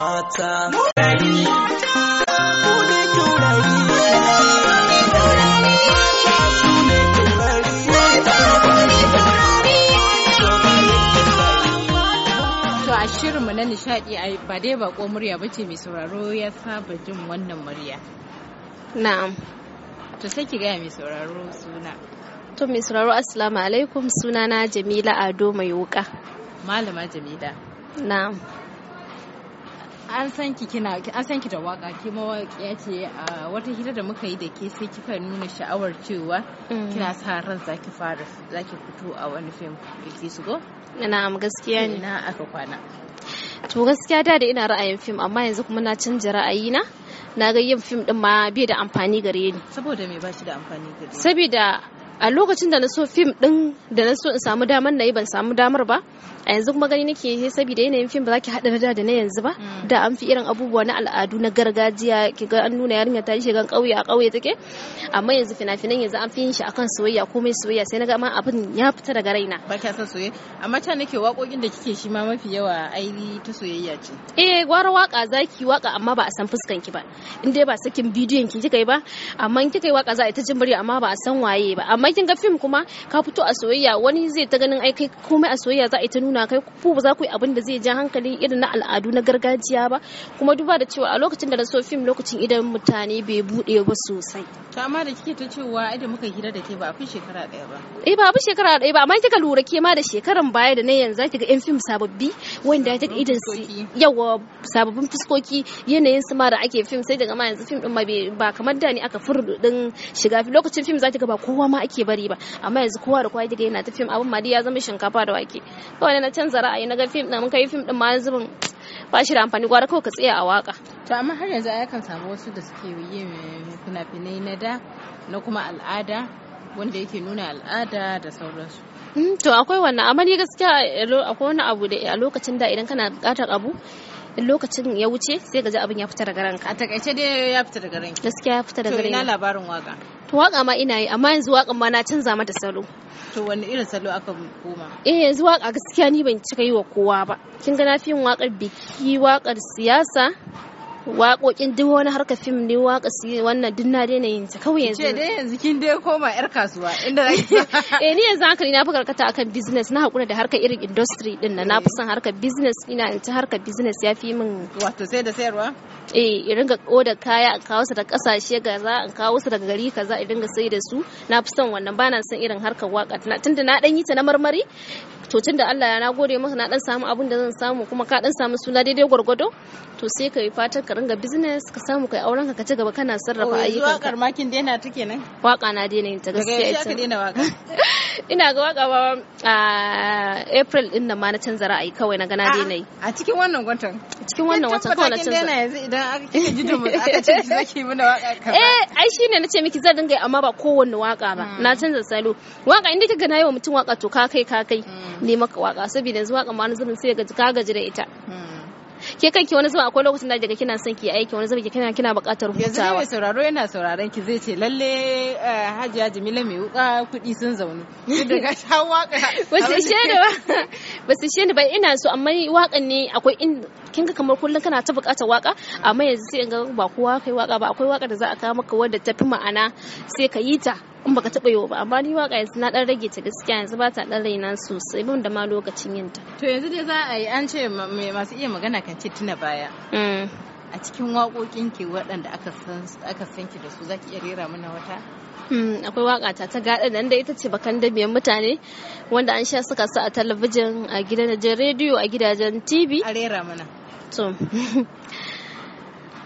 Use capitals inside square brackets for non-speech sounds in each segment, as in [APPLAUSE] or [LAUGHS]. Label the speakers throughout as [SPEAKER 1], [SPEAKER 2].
[SPEAKER 1] mata. shirinmu na nishadi ba dai bako murya ba ce mai sauraro ya saba jin wannan murya. Na'am. To sai ki gaya mai sauraro suna.
[SPEAKER 2] To mai sauraro assalamu alaikum sunana Jamila Ado mai wuka.
[SPEAKER 1] Malama Jamila. Na'am. an san ki kina an san ki da waka ki ya ce a wata hira da muka yi da ke sai kika nuna sha'awar cewa mm. kina sa ran zaki fara zaki fito a wani fim su go na'am gaskiya ne na aka kwana
[SPEAKER 2] to gaskiya da da ina ra'ayin fim amma yanzu kuma na canja ra'ayina na ga yin fim din ma bai da amfani gare ni saboda me ba shi da amfani gare ni saboda a lokacin da na so fim din da na so in samu damar na yi ban samu damar ba a yanzu kuma gani nake sai saboda yanayin fim ba za ki haɗa da da na yanzu ba mm. da an fi irin abubuwa na al'adu na gargajiya ki ga an nuna yarinya ta shiga ƙauye a ƙauye take amma yanzu fina-finan yanzu an fi yin shi akan soyayya komai soyayya sai na ga ma abin ya fita daga raina ba kya son soyayya
[SPEAKER 1] amma ta nake waƙoƙin da kike shi ma mafi yawa aini ta soyayya
[SPEAKER 2] ce eh gwara waka zaki waka amma ba a san fuskan ki ba in dai ba sakin bidiyon ki kika yi ba amma in kika yi waka za a ta jin murya amma ba a san waye ba amma amma kin ga fim kuma ka fito a soyayya wani zai ta ganin ai kai komai a soyayya za a yi ta nuna kai ku ba za ku yi abin da zai ja hankali irin na al'adu na gargajiya ba kuma duba da cewa a lokacin da na so fim lokacin idan mutane bai bude ba sosai
[SPEAKER 1] to amma da kike ta cewa idan muka hira da ke ba a fi shekara daya ba
[SPEAKER 2] eh ba a fi shekara daya ba amma kika lura ke ma da shekaran baya da na yanzu ki ga yan fim sababbi wanda ta ga idan su yawa sababbin fuskoki yanayin su ma da ake fim sai daga ma yanzu fim din ma ba kamar da ni aka furdu din shiga lokacin fim ki ga ba kowa ma ake ake bari ba amma yanzu kowa da kowa yake yana ta fim abin ma ya zama shinkafa da wake kawai na canza ra'ayi na ga fim din mun kai fim din ma zubin ba shi da amfani gwara kawai ka tsaya a waka
[SPEAKER 1] to amma har yanzu ai kan samu wasu da suke yin fina-finai na da na kuma al'ada wanda yake nuna al'ada da sauransu
[SPEAKER 2] mm, to akwai wannan amma ni gaskiya akwai wani abu da a lokacin da idan kana bukatar abu in lokacin ya wuce sai ga abin ya fita daga ranka a takaice dai ya fita daga ranki gaskiya ya fita daga ranki to ina labarin waka to waka ma ina yi amma yanzu waka ma na canza mata salo to wani irin salo aka koma eh yanzu waka gaskiya ni ban cika yi wa kowa ba kin ga na fi yin wakar biki wakar siyasa waƙoƙin duk wani harka fim ne waƙa su wannan duk na daina yin ta kawai yanzu. Ce dai yanzu kin dai koma yar kasuwa inda [LAUGHS] eh ni yanzu hankali na fi karkata akan business na hakuna da harkar irin industry din na na fi son harkar business ina in ta harkar business ya fi min. Wato sai da sayarwa? Eh in ringa oda kaya in kawo su da kasashe kaza in kawo su daga gari kaza in ringa sai da su na fi son wannan bana son irin harkar waƙa tunda na dan yi ta na marmari to tunda Allah ya na gode masa na dan samu abun da zan samu kuma ka dan samu suna daidai gwargwado to sai ka yi fatan ka ringa business ka samu kai auren ka ci gaba kana sarrafa oh, ayyukan ka. Wakar makin daina ta kenan. Waka na daina ta gaskiya ita. ka daina waka. [LAUGHS] Ina ga waka ba a April din nan ma na canza ra'ayi kawai na gana na daina yi. A cikin wannan watan. Cikin wannan watan kawai na canza. Kin daina yanzu
[SPEAKER 1] idan aka kike ji mu aka ce ki zaki
[SPEAKER 2] mana waka ka. [LAUGHS] Eh ai shine nace miki zan dinga yi amma ba kowanne waka ba. Hmm. Na canza salo. Waka inda kaga nayi wa mutum waka to ka kai ka kai. Hmm. Ne maka waka saboda yanzu waka ma na zubin sai ga ka gaji da ita. Hmm. ke kanki wani zama akwai lokacin da daga kina son ki aiki wani zama kina kina buƙatar hutawa yanzu mai sauraro yana sauraron ki zai ce lalle eh, Hajiya Jamila mai wuka kuɗi sun zaune daga ta
[SPEAKER 1] waka [LAUGHS] ba su she da ba
[SPEAKER 2] [LAUGHS] ba su she da ba ina so amma wakan ne akwai in kin ga kamar kullun kana ta buƙatar waka amma yanzu sai in ga ba kowa kai waka ba akwai waka da za a kawo maka wanda ta fi ma'ana sai ka yi ta in baka taɓa wa ba amma ni waka yanzu na ɗan rage ta gaskiya yanzu ba ta ɗan raina sosai ban da ma lokacin yin ta. To yanzu dai za a yi an ce masu iya magana
[SPEAKER 1] kan ce tuna baya. Mm. A cikin waƙoƙin ki waɗanda aka san ki da su
[SPEAKER 2] zaki iya rera mana wata? Hmm, akwai waka ta ta gaɗa nan da ita ce bakan da biyan mutane wanda an sha suka sa a talabijin a gidajen rediyo a gidajen tv a rera mana to [LAUGHS]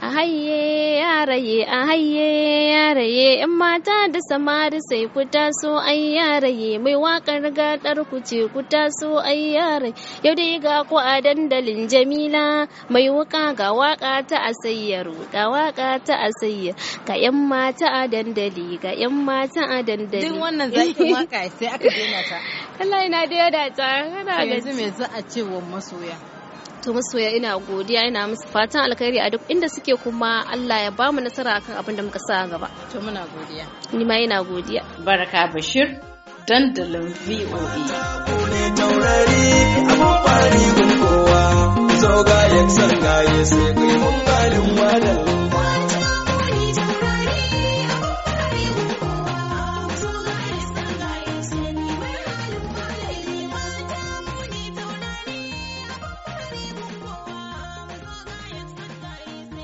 [SPEAKER 2] a ya yaraye a ya yaraye in mata da samari sai ku taso ai raye, mai wakar gadar ku ce ku taso ai raye. yau dai ga ku a dandalin jamila mai wuka ga waka ta asayyaru ga waka ta asayyar ga yan mata a dandali ga yan mata a dandali duk wannan zakin waka sai aka daina ta [LAUGHS] Allah ina da yada ta kana ga yanzu me za a ce wa masoya to masoya ina godiya ina musu fatan alkhairi a duk inda suke kuma Allah ya bamu nasara akan abin da muka sa gaba to muna godiya ni ma ina godiya baraka bashir dandalin VOA
[SPEAKER 1] e.